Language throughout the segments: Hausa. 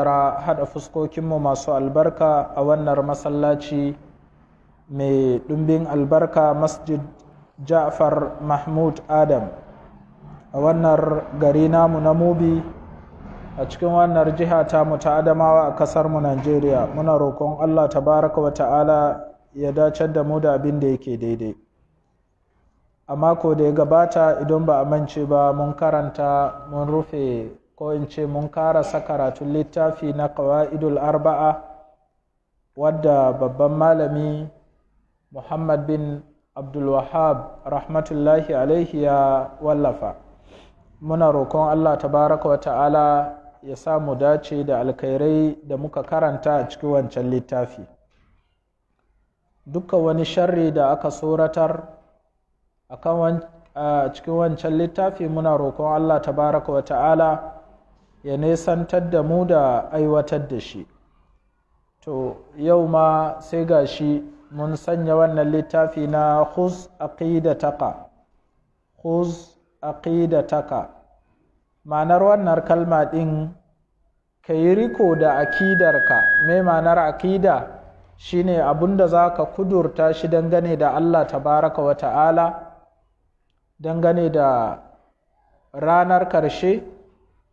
tara haɗa fuskokinmu masu albarka a wannan masallaci mai ɗumbin albarka masjid ja'far mahmud adam a wannan gari namu na mubi a cikin wannan jiha ta ta adamawa a ƙasarmu nigeria muna rokon allah tabaraka wa ta'ala ya dace da mu da abin da yake daidai a mako da ya gabata idan ba a mance ba mun karanta mun rufe ko in ce mun karasa karatun littafi na kawaidul arba'a wadda babban malami muhammad bin abdulwahab rahmatullahi alaihi ya wallafa muna rokon allah tabaraka wa ta'ala ya mu dace da alkhairai da muka karanta a cikin wancan littafi duka wani sharri da aka tsoratar a cikin wancan littafi muna rokon allah tabaraka wa ta'ala ya nesantar da mu da aiwatar da shi to yau ma sai ga shi mun sanya wannan littafi na khuz aqidataka khuz taqa ma'anar wannan kalma ɗin ka riko da akidarka me ma'anar akida shine abun da za ka kudurta shi dangane da allah tabaraka wa ta'ala dangane da ranar karshe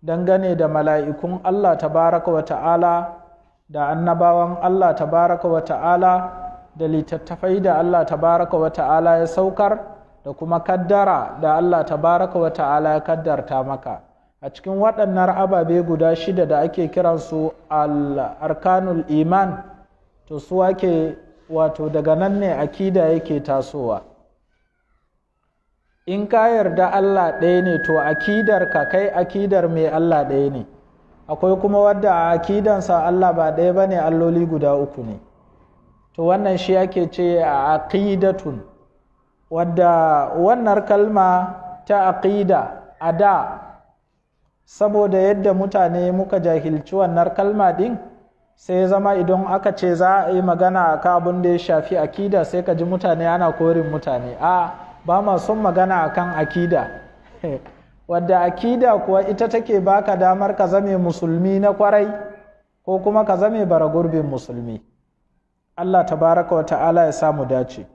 dangane da mala'ikun Allah tabaraka wa ta'ala da annabawan Allah tabaraka wa ta'ala da littattafai da Allah tabaraka wa ta'ala ya saukar da kuma kaddara da Allah tabaraka wa ta'ala ya kaddarta maka a cikin waɗannan ababe guda shida da ake kiransu al’arkanul arkanul iman to su ake wato daga nan ne akida yake tasowa in ka yarda Allah ɗaya ne to akidar ka kai akidar mai Allah ɗaya ne akwai kuma wadda a akidansa Allah ba ɗaya ba ne alloli guda uku ne to wannan shi ake ce a aqidatun wadda wannan kalma ta aqida a da saboda yadda mutane muka jahilci wannan kalma ɗin sai zama idan aka ce za a yi magana ka abin da ya shafi akida sai ka ji mutane ana korin mutane a ba ma son magana kan akida wadda akida kuwa ita take baka damar ka zame musulmi na kwarai ko kuma ka zame bara gurbin musulmi Allah tabaraka wa ta'ala ya samu dace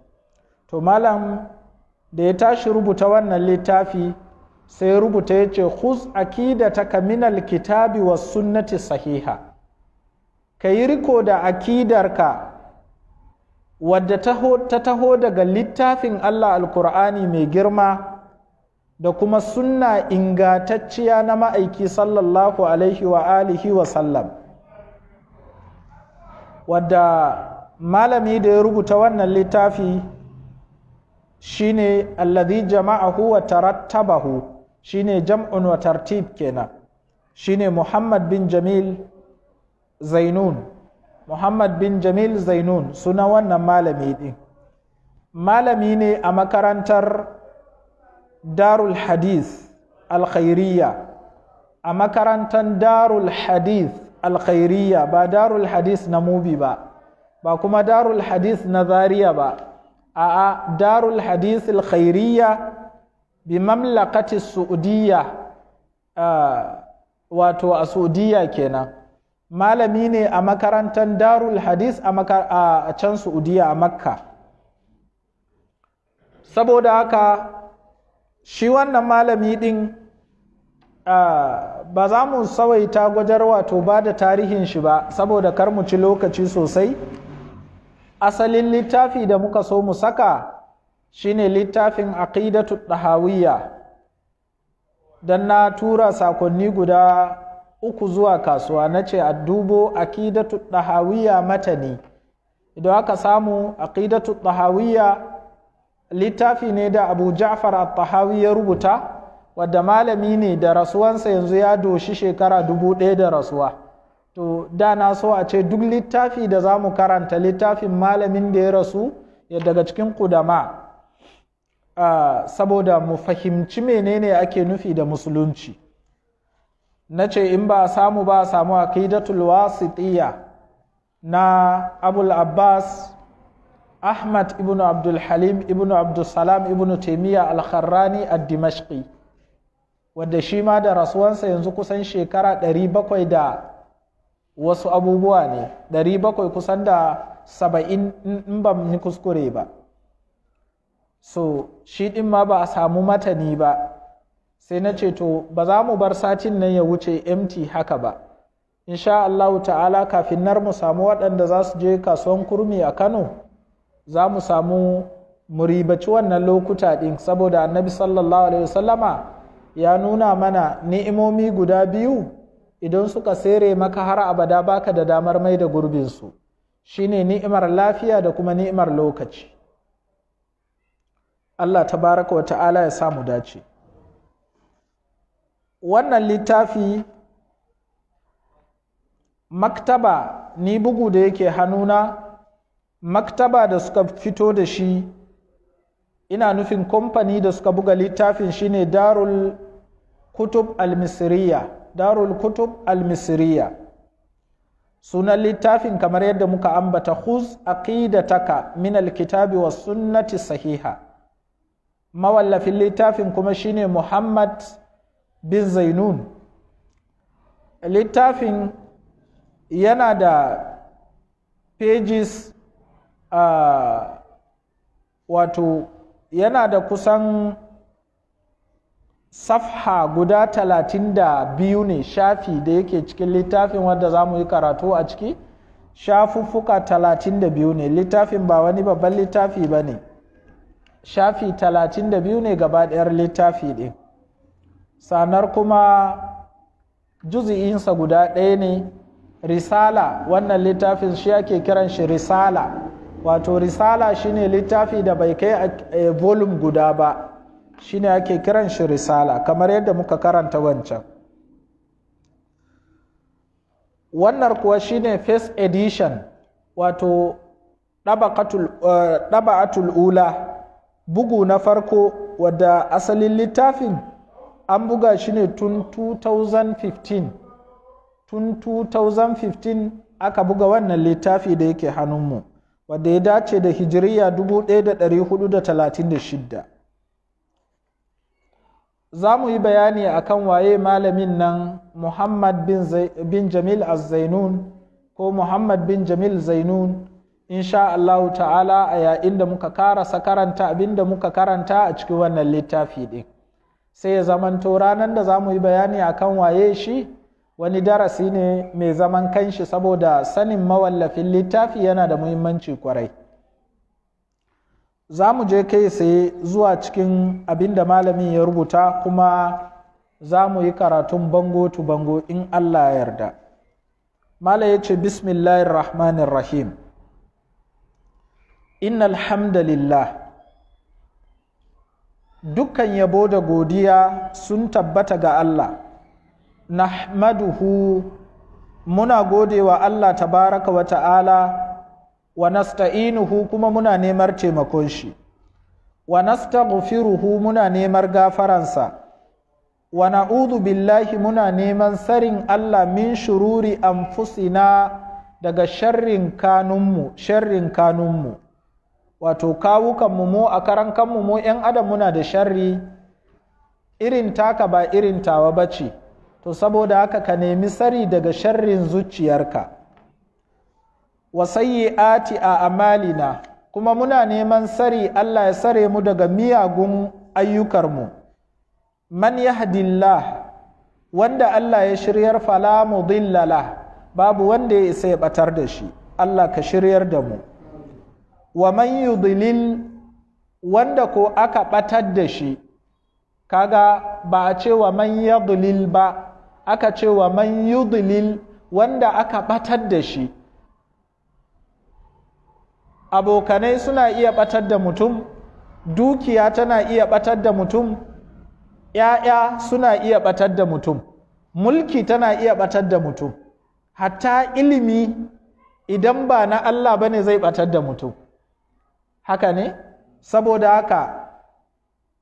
to malam da ya tashi rubuta wannan littafi sai rubuta ya ce akida ta kaminal kitabi wa sunnati sahiha ka yi riko da akidarka wadda ta taho daga littafin Allah alkur'ani mai girma da kuma sunna ingantacciya na ma'aiki sallallahu alaihi wa alihi wa sallam wadda malami da ya rubuta wannan littafi shi ne alladhi jama'ahu wa tarattabahu ne jam'un wa tartib kenan ne Muhammad bin Jamil Zainun muhammad bin jamil zainun suna wannan malami ɗin malami ne a makarantar darul hadith alkhairiyya a makarantar darul hadith alkhairiyya ba darul hadith na mubi ba ba kuma darul hadith na zaria ba a'a darul hadith alkhairiyya bi mamlakati su'udiyya ah, wato a su'udiyya kenan malami ne a makarantar darul hadis a can saudiya a makka saboda haka shi wannan malami din ba za mu sawaita gwajar wato ba da tarihin shi ba saboda kar mu ci lokaci sosai asalin littafi da muka so mu saka shine littafin aqidatu ɗahawiyya dan na tura sakonni guda uku zuwa kasuwa na ce a dubo aqidatu mata ne idan aka samu aqidatu ɗahawiya littafi ne da abu ja'far at-tahawi ya rubuta wadda malami ne da rasuwansa yanzu ya doshi shekara dubu ɗaya da rasuwa to da na so a ce duk littafi da za mu karanta littafin malamin da ya rasu ya daga cikin kudama ah, saboda mu fahimci menene ake nufi da musulunci na ce in ba samu ba a samu aqidatul wasitiyya na abul abbas ahmad ibn abdul halim ibn abdul salam ibn taimiyya al-kharrani ad-dimashqi wanda shi ma da rasuwansa yanzu kusan shekara 700 da wasu abubuwa ne 700 kusan da 70 in ba ni kuskure ba so shi din ma ba a samu matani ba sai na ce to ba za mu bar satin nan ya wuce mt haka ba insha Allahu ta'ala kafin nar mu samu waɗanda za su je kasuwan kurmi a Kano za mu samu muribaci wannan lokuta ɗin saboda annabi sallallahu alaihi wasallama ya nuna mana ni'imomi guda biyu idan suka sere maka har abada baka da damar mai da gurbinsu shine ni'imar lafiya da kuma ni'imar lokaci Allah tabaraka wa ta'ala ya samu dace wannan littafi maktaba ni bugu da yake hannuna maktaba da suka fito da shi ina nufin kamfani da suka buga littafin shine darul kutub almisiriya darul kutub almisiriya sunan littafin kamar yadda muka ambata khuz aqidataka min alkitabi was sunnati sahiha mawallafin littafin kuma shine muhammad bin zainun littafin yana da pages uh, wato yana da kusan safha guda talatin da biyu ne shafi da yake cikin littafin wanda za mu yi karatu a ciki shafuffuka talatin da biyu ne littafin ba wani babban littafi ba ne shafi talatin da biyu ne gaba ɗayar littafi ɗin sanar kuma juzi'insa guda ɗaya ne risala wannan littafin shi ake kiran shi risala wato risala shine littafi da bai kai a volume guda ba shine ake kiran shi risala kamar yadda muka karanta wancan wannan kuwa shine first edition wato eh, ɗaba'atul uh, ula bugu na farko wadda asalin littafin an buga shi ne tun 2015 tun 2015 aka buga wannan littafi da yake hannunmu wadda ya dace da hijiriya 1436 za mu yi bayani a kan waye malamin nan muhammad bin, jamil az ko muhammad bin jamil zainun insha Allahu ta'ala a yayin da muka karanta karanta da muka karanta a cikin wannan littafi ɗin sai ya zamanto ranar da za mu yi bayani a kan waye shi wani darasi ne mai zaman kanshi saboda sanin mawallafin littafi yana da muhimmanci kwarai za mu je kai sai zuwa cikin abin da malamin ya rubuta kuma za mu yi karatun bango tu bango in allah ya yarda mala ya ce rahim Inna alhamdulillah dukkan yabo da godiya sun tabbata ga Allah nahmaduhu muna godewa Allah tabaraka wa ta'ala wa nasta'inuhu kuma muna neman taimakon shi wa nastaghfiruhu muna neman gafaransa wa na'udhu billahi muna neman sarin Allah min shururi anfusina daga sharrin kanunmu sharrin kanunmu wato kawukanmu mu a karan kanmu mu 'yan adam muna da sharri irin taka ba irin tawa ba ce to saboda haka ka nemi sari daga sharrin zuciyarka wasayi ati a amalina kuma muna neman sari Allah ya sare mu daga miyagun ayyukarmu man yahdillah wanda Allah ya shiryar fala mudillala babu wanda ya isa ya batar da shi Allah ka shiryar da mu wa man yudlil wanda ko aka batar da shi kaga ba a ce wa man yudlil ba aka ce wa man yudlil wanda aka batar da shi abokanai suna iya batar da mutum dukiya tana iya batar da mutum ‘ya'ya suna iya batar da mutum mulki tana iya batar da mutum hatta ilimi idan ba na Allah ne zai batar da mutum haka ne saboda haka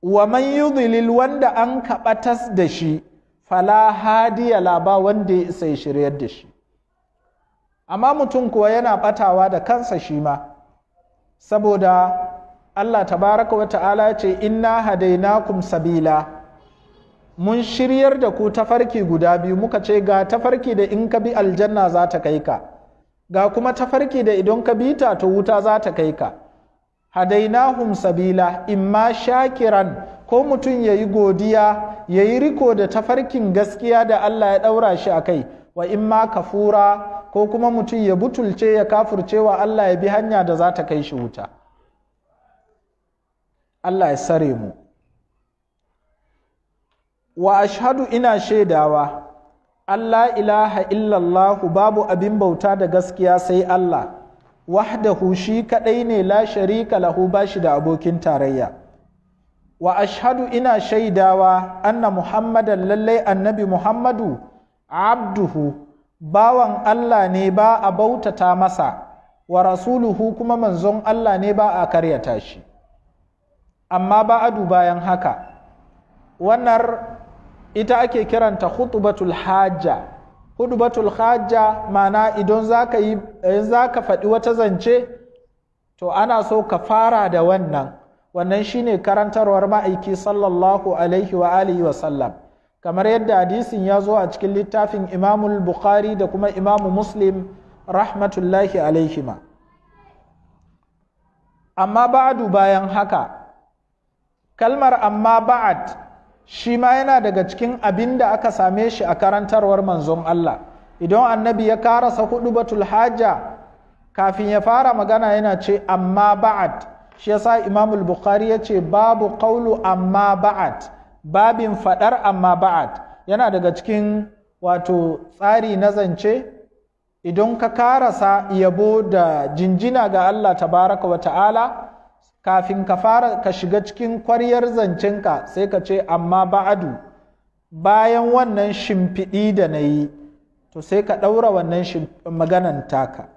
wa man yudlil wanda an kaɓatas da shi fala hadiya laba wanda ya isa shiryar da shi amma mutum kuwa yana ɓatawa da kansa shi ma saboda Allah tabaraka wa ta'ala ce inna hadainakum sabila mun shiryar da ku tafarki guda biyu muka ce ga tafarki da in ka bi aljanna za ta kai ka ga kuma tafarki da idan ka bi ta to wuta za ta kai ka hadainahum sabila imma shakiran ko mutum ya yi godiya ya yi riko da tafarkin gaskiya da Allah ya ɗaura shi a kai wa imma kafura ko kuma mutum ya butulce ya kafurce wa Allah ya bi hanya da za ta kai shi wuta Allah ya sare mu wa ashadu ina shaidawa Allah ilaha illallahu babu abin bauta da gaskiya sai Allah wahdahu shi kaɗai ne la sharika lahu bashi da abokin tarayya wa ashadu ina shaidawa anna muhammadan lallai annabi muhammadu abduhu bawan Allah ne ba a bautata masa wa rasuluhu kuma manzon Allah ne ba a karyata shi amma ba adu bayan haka wannan ita ake kiranta khutbatul hajja hudubatul hajja mana idan za ka faɗi wata zance to ana so ka fara da wannan wannan shine karantarwar ma'aiki sallallahu alaihi wa alihi wa sallam kamar yadda hadisin ya zo a cikin littafin imamul bukhari da kuma imamu muslim rahmatullahi alaihima amma ba'adu bayan haka kalmar amma ba'ad shi ma yana daga cikin abin da aka same shi a karantarwar manzon Allah idan annabi ya karasa hudu batul hajja kafin ya fara magana yana ce amma ba'ad shi yasa imamul bukhari ya ce babu kaulu amma ba'ad babin fadar amma ba'ad yana daga cikin wato tsari na zance idan ka karasa yabo da jinjina ga Allah tabaraka wa ta'ala kafin ka fara ka shiga cikin kwaryar zancenka sai ka ce amma ba'adu bayan wannan shimfiɗi da na yi to sai ka ɗaura wannan maganan taka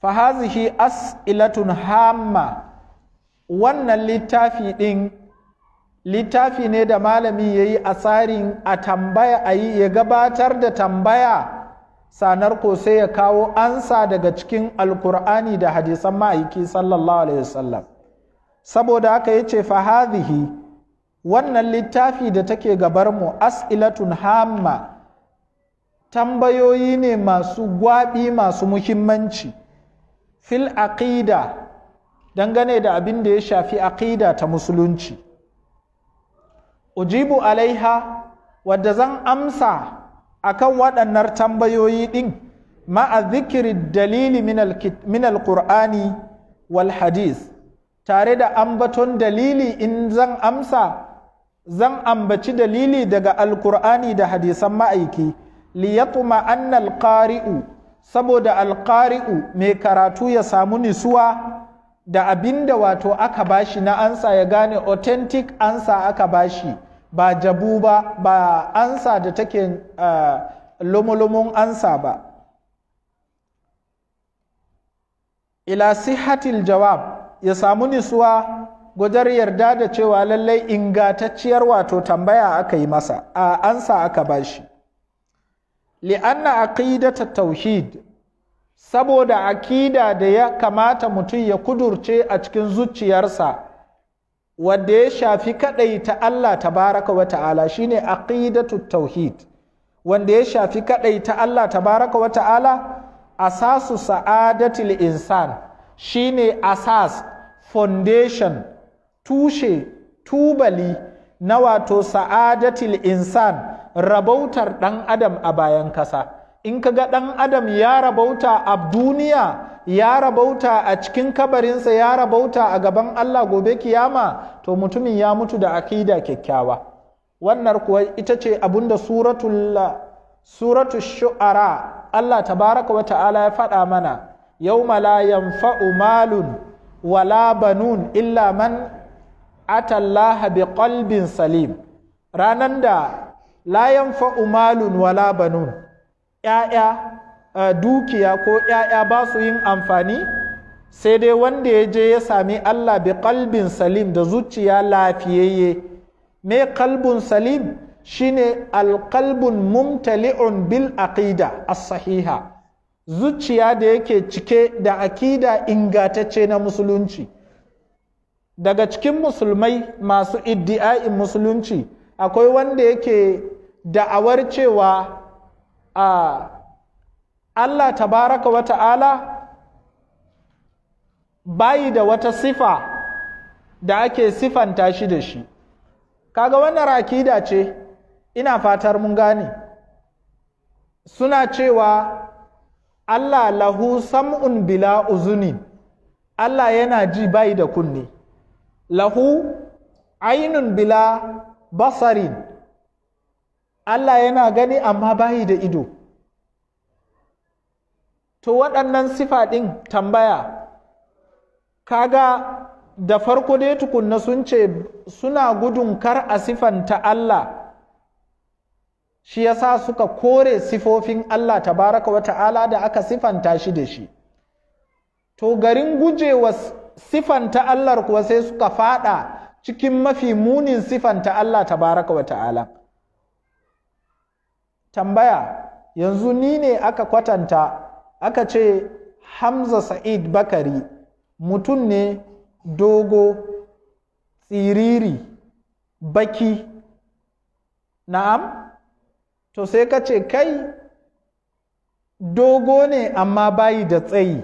fahazihi as'ilatun hamma wannan littafi ɗin littafi ne da malami ya yi a tsarin a tambaya a yi ya gabatar da tambaya sanar sai ya kawo ansa daga cikin alkur'ani da hadisan ma'aiki sallallahu alaihi wasallam saboda haka yace fa hadhihi wannan littafi da take gabar mu as'ilatun hamma tambayoyi ne masu gwabi masu muhimmanci fil aqida dangane da abin da ya shafi aqida ta musulunci ujibu alaiha wadda zan amsa akan waɗannan tambayoyi ɗin ma'a zikiri dalili min alƙur'ani wal hadis tare da ambaton dalili in zan amsa zan ambaci dalili daga alƙur'ani da hadisan ma'aiki liyatuma annal alƙari'u saboda alƙari'u mai karatu ya samu nisuwa da abinda wato aka bashi na ansa ya gane authentic ansa aka bashi ba jabu ba ba ansa da take uh, lumulumun ansa ba ila sihatil jawab ya samu nisuwa gudar yarda da cewa lallai ingatacciyar wato tambaya aka yi masa a ansa aka bashi li'anna aqidata tauhid saboda akida da ya kamata mutum ya kudurce a cikin zuciyarsa wadda ya shafi kaɗai ta Allah tabaraka wa ta'ala shine aqidatu tauhid wanda ya shafi kaɗai ta Allah tabaraka wa ta'ala asasu sa'adatil insan shine asas foundation tushe tubali na wato sa'adatil insan rabautar ɗan adam a bayan kasa in ka ga ɗan adam ya rabauta a duniya ya rabauta a cikin kabarinsa ya rabauta a gaban Allah gobe kiyama to mutumin ya mutu da akida kyakkyawa wannan kuwa ita ce abinda suratul suratu shu'ara Allah tabaraka wa ta'ala ya faɗa mana "Yau la yanfa'u malun wala banun illa man atallaha bi qalbin salim ranan da la yanfa'u malun wala banun 'ya'ya dukiya ko 'ya'ya ba su yin amfani sai dai wanda ya je ya sami Allah bi kalbin salim da zuciya lafiyayye me kalbin salim shine alkalbun mumtali'un bil aqida as-sahiha zuciya da yake cike da akida ingatacce na musulunci daga cikin musulmai masu iddi'a'in musulunci akwai wanda yake da'awar cewa a Allah tabaraka wa ta'ala bayi da wata sifa da ake sifanta shi da shi kaga wannan rakida ce ina fatar mun gane suna cewa Allah lahu sam'un bila uzunin Allah yana ji bayi da kunne lahu ainun bila basarin Allah yana gani amma bayi da ido to waɗannan sifa ɗin tambaya kaga da farko dai tukunna sun ce suna gudun kar a sifanta Allah shi sa suka kore sifofin Allah tabaraka wa ta'ala da aka sifanta shi da shi to garin gujewa sifanta Allah kuwa sai suka fada cikin mafi munin sifanta Allah tabaraka wa ta'ala tambaya yanzu ni ne aka kwatanta aka ce hamza sa'id bakari mutum ne dogo tsiriri baki na'am to sai ka ce kai dogo ne amma bayi da tsayi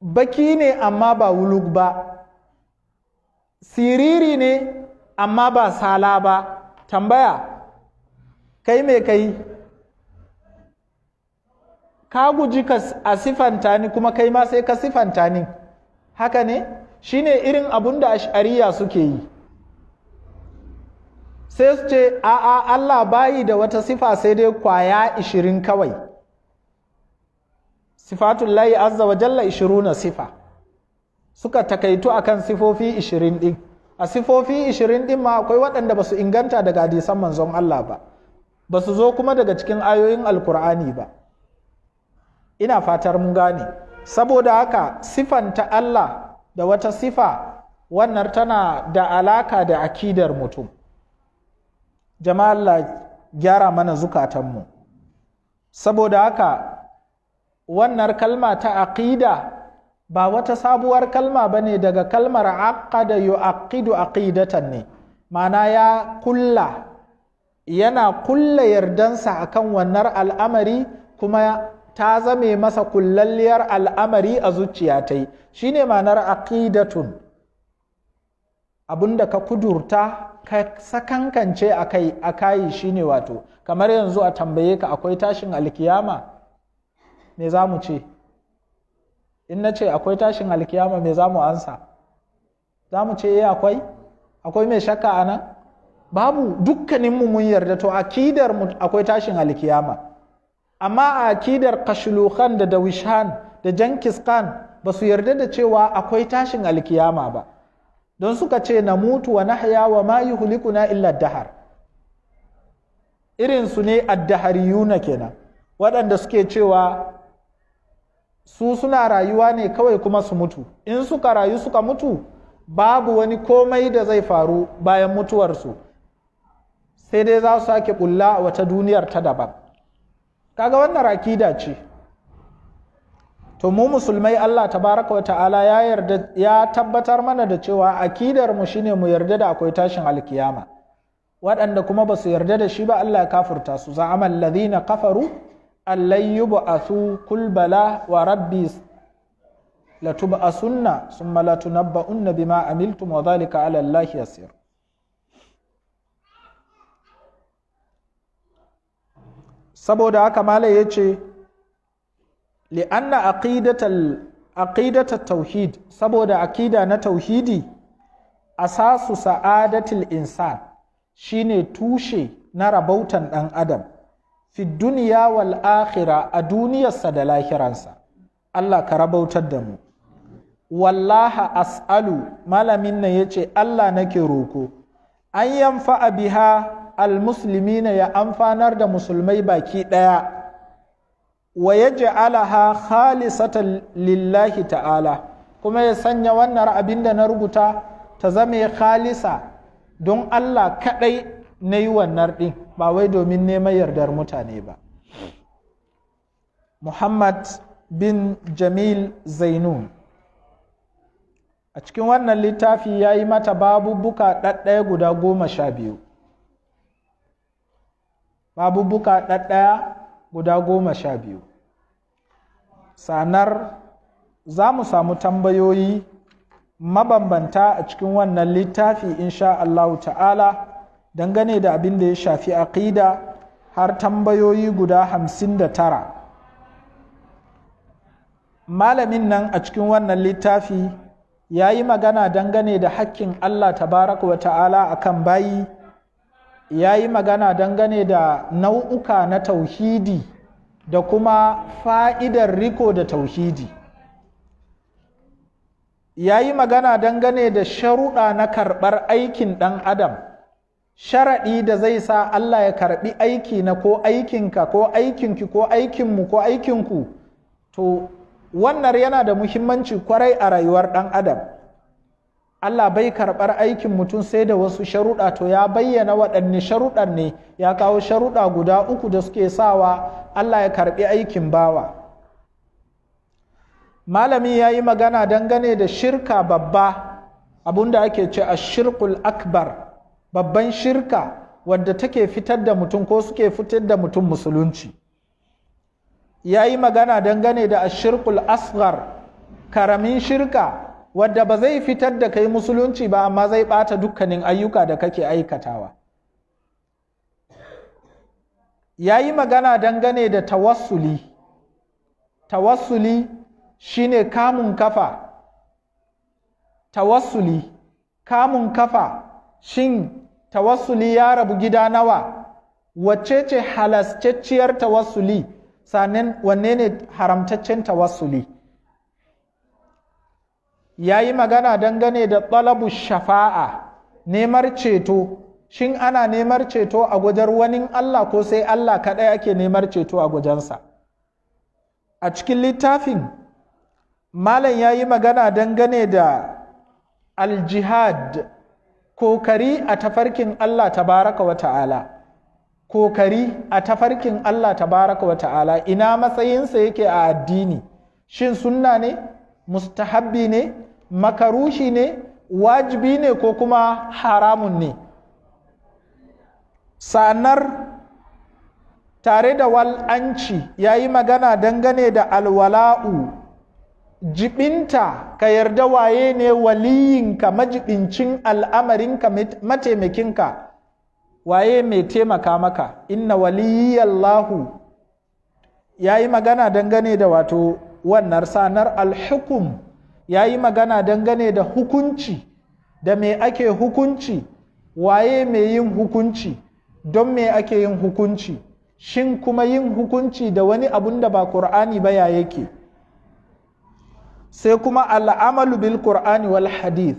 baki ne amma ba wuluk ba siriri ne amma ba sala ba tambaya kai me kai ka guji ka a sifanta ni kuma kai ma sai ka sifanta ni haka ne shine irin abun da ash'ariya suke yi sai su ce a'a Allah bayi da wata sifa sai dai kwaya ishirin kawai sifatullahi azza wa jalla na sifa suka takaitu akan sifofi ishirin din a sifofi ishirin din ma akwai waɗanda ba su inganta daga hadisan manzon Allah ba ba su zo kuma daga cikin ayoyin alkur'ani ba ina fatar mun gane saboda haka sifanta Allah da wata sifa wannan tana da alaka da akidar mutum jama'a Allah gyara mana zukatanmu saboda haka wannan kalma ta aqida ba wata sabuwar kalma ba ne daga kalmar aqada yu'aqidu aqidatan ne ma'ana ya kulla yana kulle yardansa a kan wannan al'amari kuma ta zame masa kullalliyar al'amari a zuciya ta yi shi ne ma'anar aqidatun abinda ka kudurta ka sakankance a kai a kayi shi ne wato kamar yanzu a tambaye ka akwai tashin alkiyama me za mu ce in na ce akwai tashin alkiyama me za mu ansa za mu ce eh akwai akwai mai shakka a nan babu dukkaninmu mun yarda to akidar mu akwai tashin alkiyama amma a akidar kashlukhan da dawishan da jankiskan, khan ba su yarda da cewa akwai tashin alkiyama ba don suka ce na mutu wa nahya wa ma yuhlikuna illa dahar irin su ne addahariyuna kenan waɗanda suke cewa su suna rayuwa ne kawai kuma su mutu in suka rayu suka mutu babu wani komai da zai faru bayan mutuwarsu sai dai za su sake ƙulla a wata duniyar ta daban kaga wannan akida ce to mu musulmai Allah tabaraka wa ta'ala ya yarda ya tabbatar mana da cewa akidar mu shine mu yarda da akwai tashin alkiyama waɗanda kuma ba su yarda da shi ba Allah ya kafurta su za'ama alladhina kafaru allan yub'athu kul bala wa rabbi latub'asunna thumma latunabba'unna bima amiltum wa dhalika 'ala Allah yasir saboda haka malai ya ce li'anna aƙidatar tauhid saboda akida na tauhidi asasu sa'adatil insan shine tushe na rabautan ɗan adam fi duniya wal akhira a duniyarsa da lahiransa Allah ka rabautar da mu wallaha as'alu malamin nan yace Allah nake roko an yanfa biha ne ya amfanar da musulmai baki ɗaya wa ya ja'alaha khalisatan lillahi ta'ala kuma ya sanya wannan abin da na rubuta ta zama khalisa don Allah kaɗai na yi wannan ɗin ba wai domin neman yardar mutane ba Muhammad bin Jamil Zainun a cikin wannan littafi ya yi mata babu buka ɗaɗɗaya guda goma sha biyu babubuka ɗaɗɗaya guda goma sha biyu sanar za mu samu tambayoyi mabambanta a cikin wannan littafi insha Allah ta'ala dangane da abin da ya shafi aƙida har tambayoyi guda hamsin da tara malamin nan a cikin wannan littafi ya yi magana dangane da hakkin Allah tabaraka wa ta'ala a kan bayi ya yi magana dangane da nau'uka na tauhidi da kuma fa'idar riko da tauhidi ya yi magana dangane da sharuɗa na karɓar aikin ɗan adam sharaɗi da zai sa Allah ya karɓi aiki na ko aikinka ko aikinki ko aikinmu ko aikinku to wannan yana da muhimmanci kwarai a rayuwar ɗan adam Allah bai karɓar aikin mutum sai da wasu sharuɗa to ya bayyana waɗanne sharuɗan ne ya kawo sharuɗa guda uku da suke sawa Allah ya karɓi aikin bawa malami ya yi magana dangane da shirka babba abinda ake ce a shirkul akbar babban shirka wadda take fitar da mutum ko suke fitar da mutum musulunci ya yi magana dangane da shirkul asgar karamin shirka wadda ba zai fitar da kai musulunci ba amma zai ɓata dukkanin ayyuka da kake aikatawa ya yi magana dangane da tawassuli tawassuli shine kamun kafa tawassuli kamun kafa shin tawassuli ya rabu gida nawa wacce ce halascacciyar tawassuli sannan wanne ne haramtaccen tawassuli ya yi magana dangane da ɗalabu shafa'a nemar ceto shin ana neman ceto a gujar wani Allah ko sai Allah kaɗai ake nemar ceto a gujansa a cikin littafin malam ya yi magana dangane da aljihad kokari a tafarkin Allah tabaraka wa ta'ala kokari a tafarkin Allah tabaraka wa ta'ala ina matsayinsa yake a addini shin sunna ne mustahabbi ne makarushi ne wajibi ne ko kuma haramun ne sanar tare da wal'anci ya yi magana dangane da alwala'u jibinta ka yarda waye ne waliyinka majibincin al'amarinka mataimakinka waye mai taimaka maka inna waliyallahu ya yi magana dangane da wato wannan sanar alhukum ya yi magana dangane da hukunci da me ake hukunci waye mai yin hukunci don me ake yin hukunci shin kuma yin hukunci da wani abun da ba ƙur'ani ba ya yake sai kuma al'amalu bil ƙur'ani wal hadith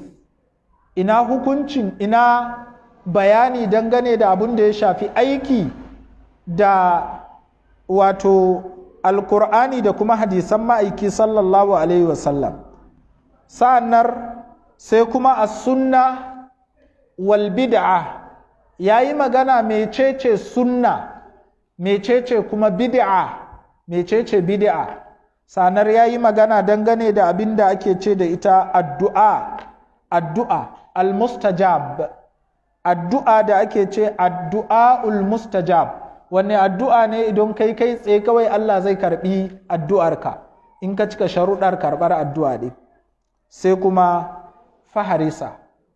ina hukuncin ina bayani dangane da abun da ya shafi aiki da wato alkur'ani da kuma hadisan ma'aiki sallallahu alaihi wasallam sa'annar sai kuma a sunna wal bid'a yayi magana mecece sunna mecece kuma bid'a mecece bid'a sanar yayi magana dangane da abin da ake ce da ita addu'a addu'a mustajab addu'a da ake ce addu'a mustajab. wanne addu'a ne idan kai kai tsaye kawai Allah zai karbi addu'arka in ka cika sharuɗar karɓar addu'a ne sai kuma faharisa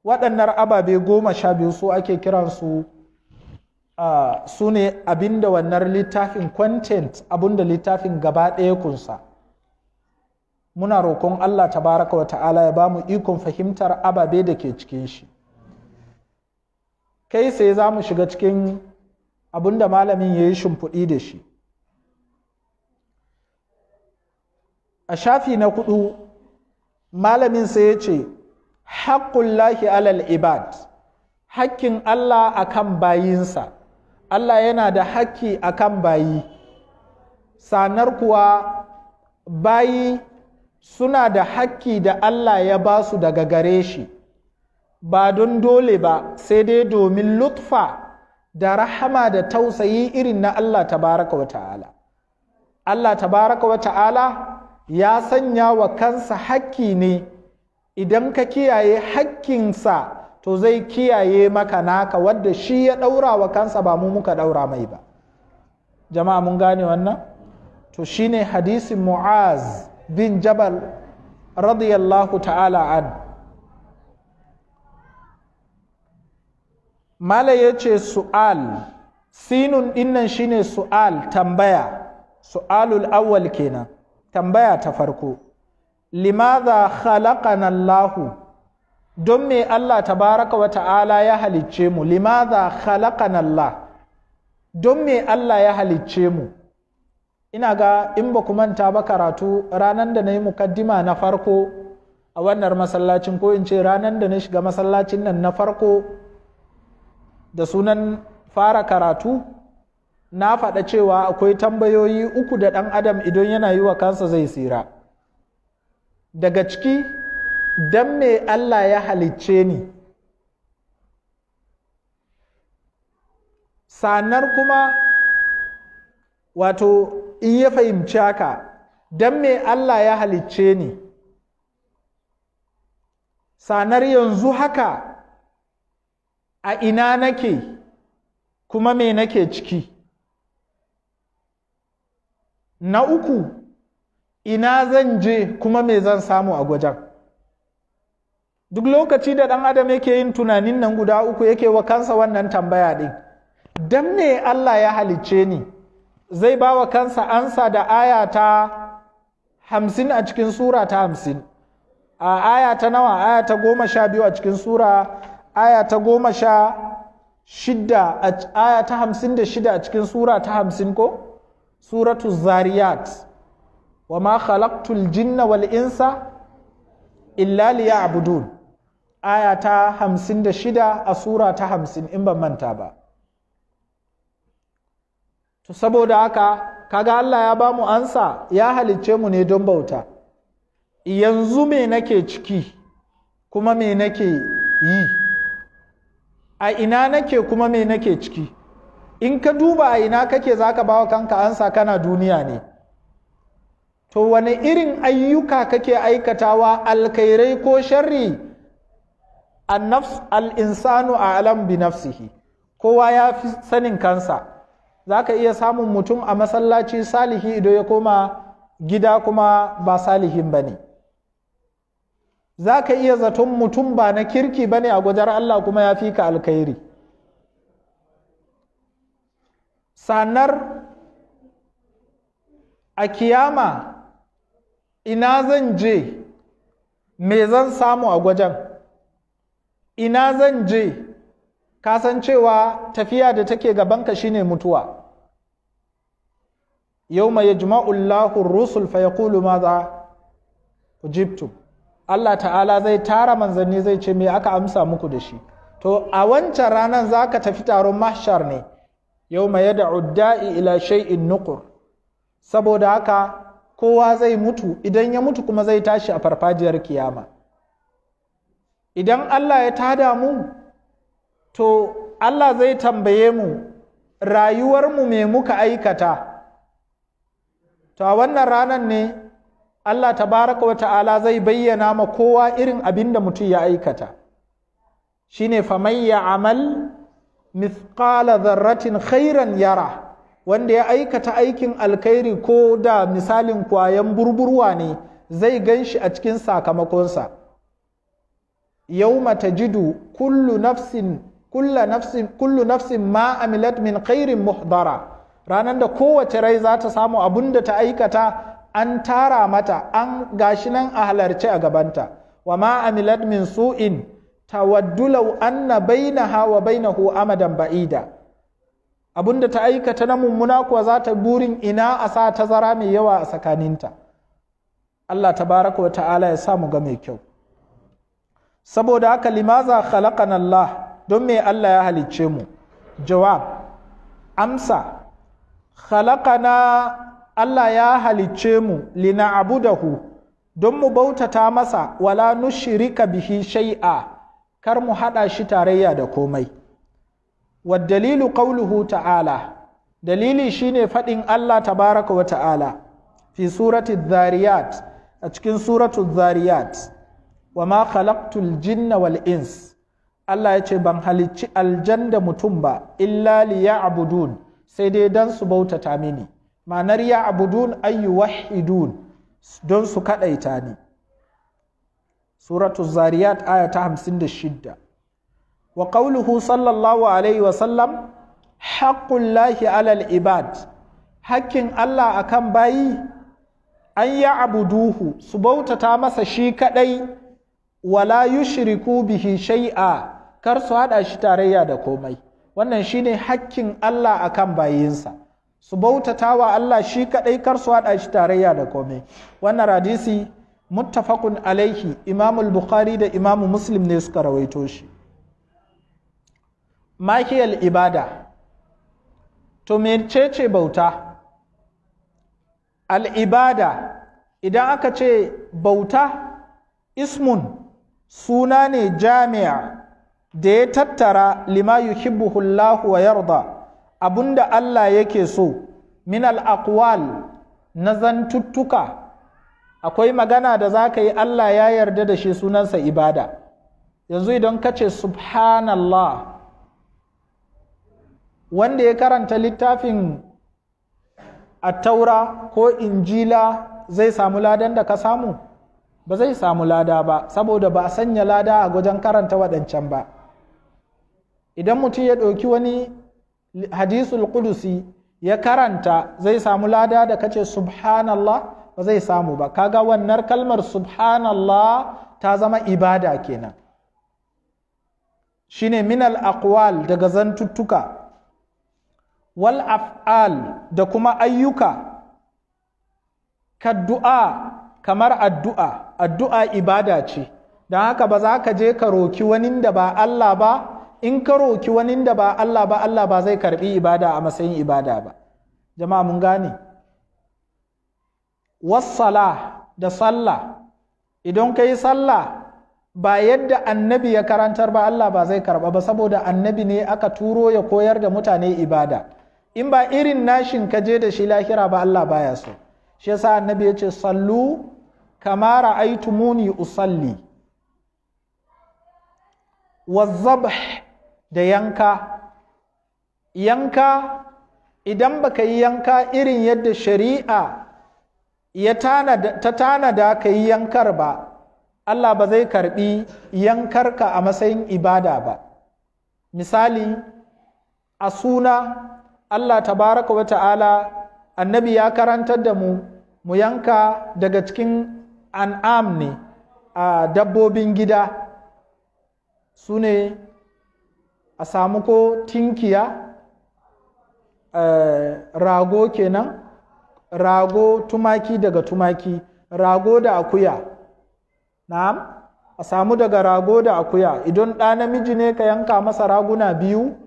waɗannan ababe goma sha biyu su ake kiransu su ne abinda wannan littafin content da littafin gaba ɗaya kunsa muna roƙon Allah ta baraka wa ta'ala ya ba mu ikon fahimtar ababe da ke cikin shi kai sai za mu shiga cikin da malamin ya yi shimfiɗi da shi a shafi na kudu malamin sai ya ce haƙƙullahi alal ibad hakkin Allah a kan bayinsa Allah yana da haƙƙi a kan bayi sanar kuwa bayi suna da haƙƙi da Allah ya ba su daga gare shi ba don dole ba sai dai domin lutfa da rahama da tausayi irin na Allah tabaraka wa ta'ala Allah tabaraka wa ta'ala ya sanya wa kansa hakki ne idan ka kiyaye hakkinsa to zai kiyaye maka naka wadda shi ya ɗaura wa kansa ba mu muka ɗaura mai ba jama'a mun gane wannan to shi ne hadisin mu'az bin jabal radiyallahu ta'ala an mala ya ce su'al sinun dinnan shine su'al tambaya su'alul awwal kenan tambaya ta farko Limaza khalaqana Allahu don me Allah tabaraka wa ta'ala ya halicce mu limaza khalaqana Allah don me Allah ya halicce mu ina ga in ba ku manta ba karatu ranar da na yi mukaddima na farko a wannan masallacin ko in ce ranar da na shiga masallacin nan na farko da sunan fara karatu na faɗa cewa akwai tambayoyi uku da ɗan adam idan yana yi wa kansa zai tsira daga ciki don me Allah ya halicce ni sanar kuma wato in ya fahimci haka don me Allah ya halicce ni sanar yanzu haka a ina nake kuma me nake ciki na uku ina zan je kuma me zan samu a gwajan? duk lokaci da ɗan adam yake yin tunanin nan guda uku yake wa kansa wannan tambaya ɗin don me Allah ya halicce ni zai ba wa kansa ansa da aya ta hamsin a cikin sura ta hamsin a aya ta nawa aya ta goma sha biyu a cikin sura aya ta goma sha shida aya ta hamsin da shida a cikin sura ta hamsin ko suratu zariyat wa ma khalaqtul jinna wal insa illa liya'budun aya ta hamsin da shida a sura ta hamsin in ban manta ba to saboda haka kaga Allah ya bamu ansa ya halicce mu ne don bauta yanzu me nake ciki kuma me nake yi a ina nake kuma me nake ciki in ka duba a ina kake za ka bawa kanka ansa kana duniya ne to wani irin ayyuka kake aikatawa alkairai ko sharri annafs al'insanu a alam bi nafsihi kowa ya fi sanin kansa za ka iya samun mutum a masallaci salihi ido ya koma gida kuma ba salihin ba ne za ka iya zaton mutum ba na kirki ba ne a gujar Allah kuma ya fi ka alkhairi sanar a kiyama ina zan je me zan samu a gwajen ina zan je kasancewa tafiya da take gabanka shine mutuwa yau yajma'u Allahu rusul fa za ku jibtum? Allah ta'ala zai tara manzanni zai ce me aka amsa muku da shi to a wancan ranar za ka tafi taron mahshar ne yau mai yada udda'i ila shay'in nukur saboda haka kowa zai mutu idan ya mutu kuma zai tashi a farfajiyar kiyama idan Allah ya tada mu to Allah zai tambaye mu rayuwarmu me muka aikata to a wannan ranar ne Allah tabaraka wa ta'ala zai bayyana ma kowa irin abin da mutum ya aikata shine faman amal mithqala dharratin khairan yara wanda ya aikata aikin alkhairi ko da misalin kwayan burburwa ne zai gan shi a cikin sakamakonsa Yau tajidu kullu nafsin kullu nafsin kullu nafsin ma amilat min khairin muhdara ranar da kowace rai za ta samu abun da ta aikata an tara mata an gashi nan a halarci a gabanta wa ma amilat min su'in tawaddulau anna bainaha wa bainahu amadan ba'ida abunda ta aikata na mummuna kuwa za ta burin ina a sa ta zara mai yawa a tsakaninta Allah tabaraka wa ta'ala ya samu ga mai kyau saboda haka limaza khalaqana Allah don me Allah ya halicce mu jawab amsa khalaqana Allah ya halicce mu lina abudahu don mu bautata masa wala nushirika bihi shai'a kar mu haɗa shi tarayya da komai waddalilu qauluhu ta'ala dalili shine faɗin Allah tabaraka wa ta'ala fi surati dhariyat a cikin suratu dhariyat wa ma khalaqtul jinna wal ins Allah ya ce ban halicci aljanda mutum ba illa liya'budun sai dai dan su bautata mini ma'anar ya abudun ayyu wahidun don su kaɗaita ni suratu zariyat aya ta hamsin da shidda wa ƙauluhu sallallahu alaihi wa sallam alal ibad hakkin Allah akan bayi an ya abuduhu su bautata masa shi kaɗai wala yushriku bihi shai'a kar su haɗa shi tarayya da komai wannan shine hakkin Allah akan bayinsa su bautata wa Allah shi kaɗai kar su haɗa shi tarayya da komai wannan hadisi muttafaqun alaihi imamul bukhari da imamu muslim ne suka rawaito shi makiyal ibada to ce bauta al'ibada idan aka ce bauta ismun suna ne jami'a da ya tattara lima yuhibbuhullahu wa yarda abun da Allah yake so min al na zantuttuka akwai magana da za ka yi Allah ya yarda da shi sunansa ibada yanzu idan ka ce subhanallah wanda ya karanta littafin attaura ko injila zai samu ladan da ka samu ba zai samu lada ba saboda ba a sanya lada a wajen karanta waɗancan ba idan mutum ya ɗauki wani hadisul qudusi ya karanta zai samu lada da kace subhanallah ba zai samu ba kaga wannan kalmar subhanallah ta zama ibada kenan shine minal aqwal daga zantuttuka wal af'al da kuma ayyuka Ka du'a kamar addu'a addu'a ibada ce don haka ba za ka je ka roki wani da ba Allah ba in ka roki wani da ba Allah ba Allah ba zai karbi ibada a matsayin ibada ba jama'a mun gane wassala da sallah idan kai sallah ba yadda annabi ya karantar ba Allah ba zai karba ba saboda annabi ne aka turo ya koyar da mutane ibada in ba irin nashin ka je da shi lahira ba Allah baya so shi yasa annabi ya ce sallu kama ra'aytumuni usalli wa da yanka yanka idan baka yi yanka irin yadda shari'a ta tanada ka yi yankar ba Allah ba zai karbi yankarka a matsayin ibada ba misali a suna Allah tabaraka wa ta'ala annabi ya karantar da mu mu yanka daga cikin an'am ne a dabbobin gida su ne a samu ko tinkiya eh, rago kenan rago tumaki daga tumaki rago da akuya na'am a samu daga rago da akuya idan ɗa namiji ne ka yanka masa raguna biyu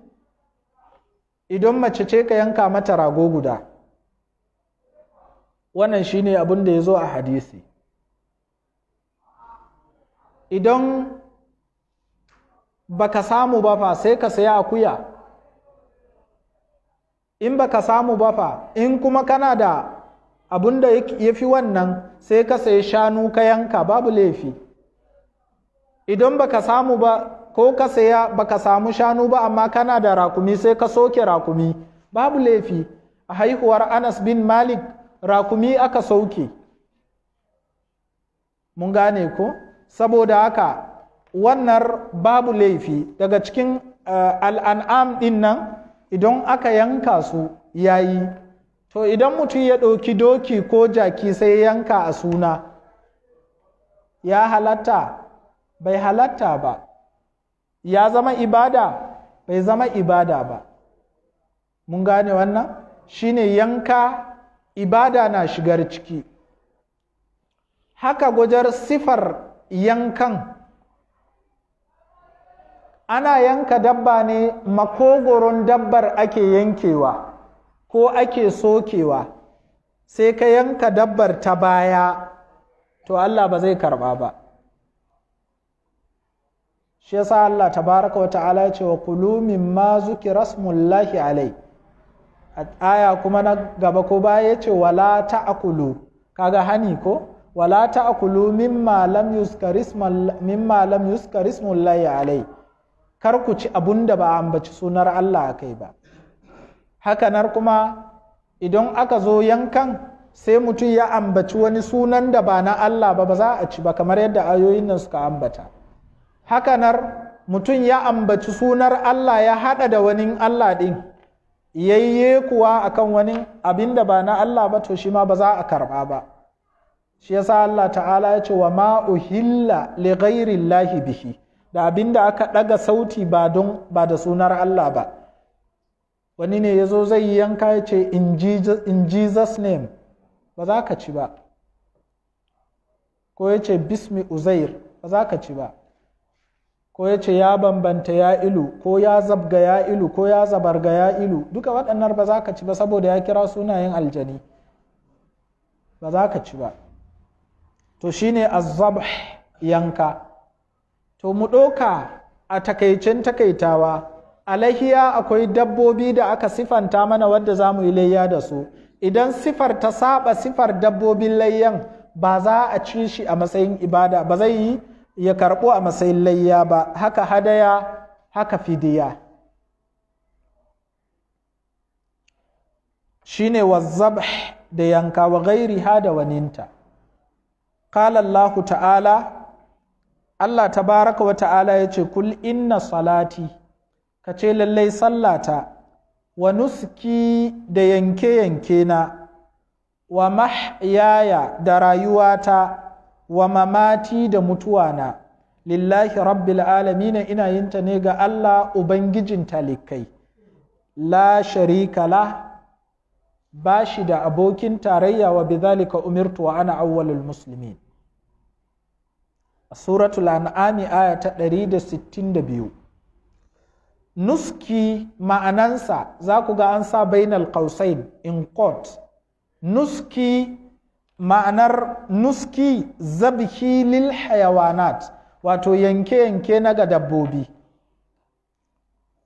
idan mace ce ka yanka mata rago guda wannan shine abin da ya zo a hadisi idan baka samu ba fa sai ka saya akuya in baka samu ba fa in kuma kana da abun da ya fi wannan sai ka sayi shanu ka yanka babu laifi idan baka samu ba ko ka saya baka samu shanu ba amma kana da rakumi sai ka soke rakumi babu laifi a haihuwar anas bin malik rakumi aka sauke mun gane ko saboda haka wannan babu laifi daga cikin eh, al'an'am ɗin nan idan aka yanka su yayi to idan mutum ya ɗauki doki ko jaki sai yanka a suna ya halatta bai halatta ba ya zama ibada bai zama ibada ba mun gane wannan shine yanka ibada na shigar ciki haka gujar sifar yankan ana yanka dabba ne makogoron dabbar ake yankewa ko ake sokewa sai ka yanka dabbar ta baya to Allah ba zai karba ba shi yasa Allah tabaraka wa ta'ala ya ce wa kulu mimma zuki smullahi alai aya kuma na gaba ko baya ya ce wala ta'kulu kaga hani ko wala ta'kulu mimma lam yuskar alai kar ku ci abun da ba ambaci sunar Allah a kai ba hakanar kuma idan aka zo yankan sai mutum ya ambaci wani sunan da ba na Allah ba ba za a ci ba kamar yadda ayoyin nan suka ambata hakanar mutum ya ambaci sunar Allah ya haɗa da wani Allah ɗin yayye kuwa akan wani abin da ba na Allah ba to shi ma ba za a karɓa ba shi yasa Allah ta'ala ya ce wa ma uhilla li ghairi bihi da abin da aka ɗaga sauti ba don ba da sunar Allah ba wani ne ya zo zai yi yanka ya ce in Jesus name ba za ka ci ba ko ya ce bismi uzair ba za ka ci ba ko ya ce ya bambanta ya ilu ko ya zabga ya ilu ko ya zabarga ya ilu duka waɗannan ba za ka ci ba saboda ya kira sunayen aljani ba za ka ci ba to shine azzabh yanka to mu ɗauka a takaicin takaitawa a lahiya akwai dabbobi da aka sifanta mana wadda za mu yi layya da su idan sifar ta saba sifar dabbobin layyan ba za a ci shi a matsayin ibada ba zai yi ya karɓo a matsayin layya ba haka hadaya haka fidiya shine wazzabh da yanka wa gairi ha da waninta qala ta'ala Allah tabaraka wa ta'ala ya ce kul inna salati ka ce lallai sallata wa nuski da yanke-yanke na wa mahyaya da rayuwata wa mamati da mutuwana lillahi rabbil alamina ina yin ta ne ga Allah ubangijin talikai la sharika la ba shi da abokin tarayya wa bidhalika umirtu wa ana awwalul muslimin suratu an'ami aya ta ɗari da da sittin biyu. nuski ma'anansa za ku ga an sa bainal qausain in court nuski ma'anar nuski zabihi lil hayawanat wato yanke-yanke na ga dabbobi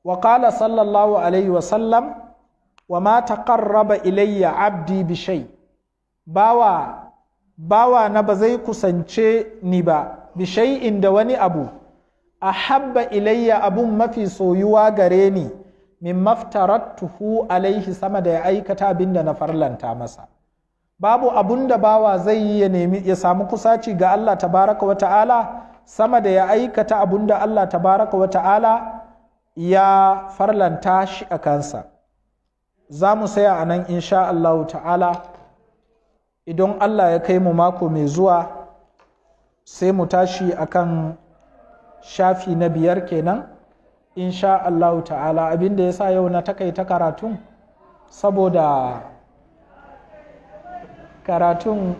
waƙala sallallahu alaihi wa sallam wa ma taqarraba ilayya abdi bishai. bawa na ba zai kusance ni ba Bishai da wani abu a habba ilayya abun mafi soyuwa gare ni min maftaratuhu alaihi sama da ya aikata abin da na farlanta masa babu abun da bawa zai yi ya nemi ya samu kusaci ga Allah tabaraka wa ta'ala sama da ya aikata abun da Allah tabaraka wa ta'ala ya farlanta shi a kansa za mu saya a nan insha Allah ta'ala idan Allah ya kai mu mako mai zuwa sai mu tashi a kan shafi na biyar kenan insha Allahu ta'ala abinda ya sa yau na takaita karatun saboda karatun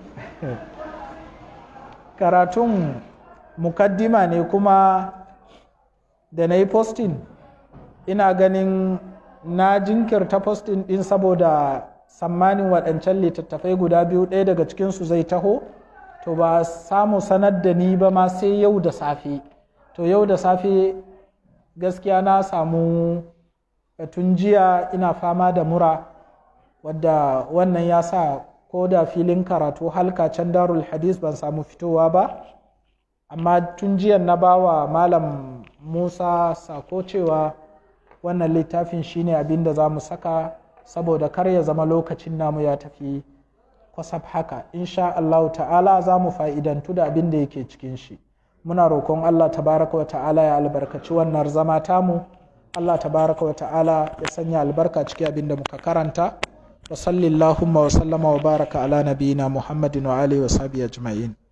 karatun mukaddima ne kuma da na yi postin ina ganin na jinkirta postin din saboda tsammanin waɗancan littattafai guda biyu ɗaya daga cikinsu zai taho to ba samu sanar da ni ba ma sai yau da safe to yau da safe gaskiya na samu tun jiya ina fama da mura wadda wannan ya sa ko da filin karatu halka can darul hadis ban samu fitowa ba amma tun jiyan na bawa malam musa sako cewa wannan littafin shine abin da za mu saka saboda kar ya zama lokacin namu ya tafi kwasaf haka insha Allah ta'ala za mu fa'idantu da abin da yake cikin shi muna roƙon Allah tabaraka wa ta'ala ya albarkaci wannan zama tamu Allah tabaraka wa ta'ala ya sanya albarka ciki abin da muka karanta wa sallallahumma wa sallama wa baraka ala nabiyina Muhammadin wa alihi wa sahbihi ajma'in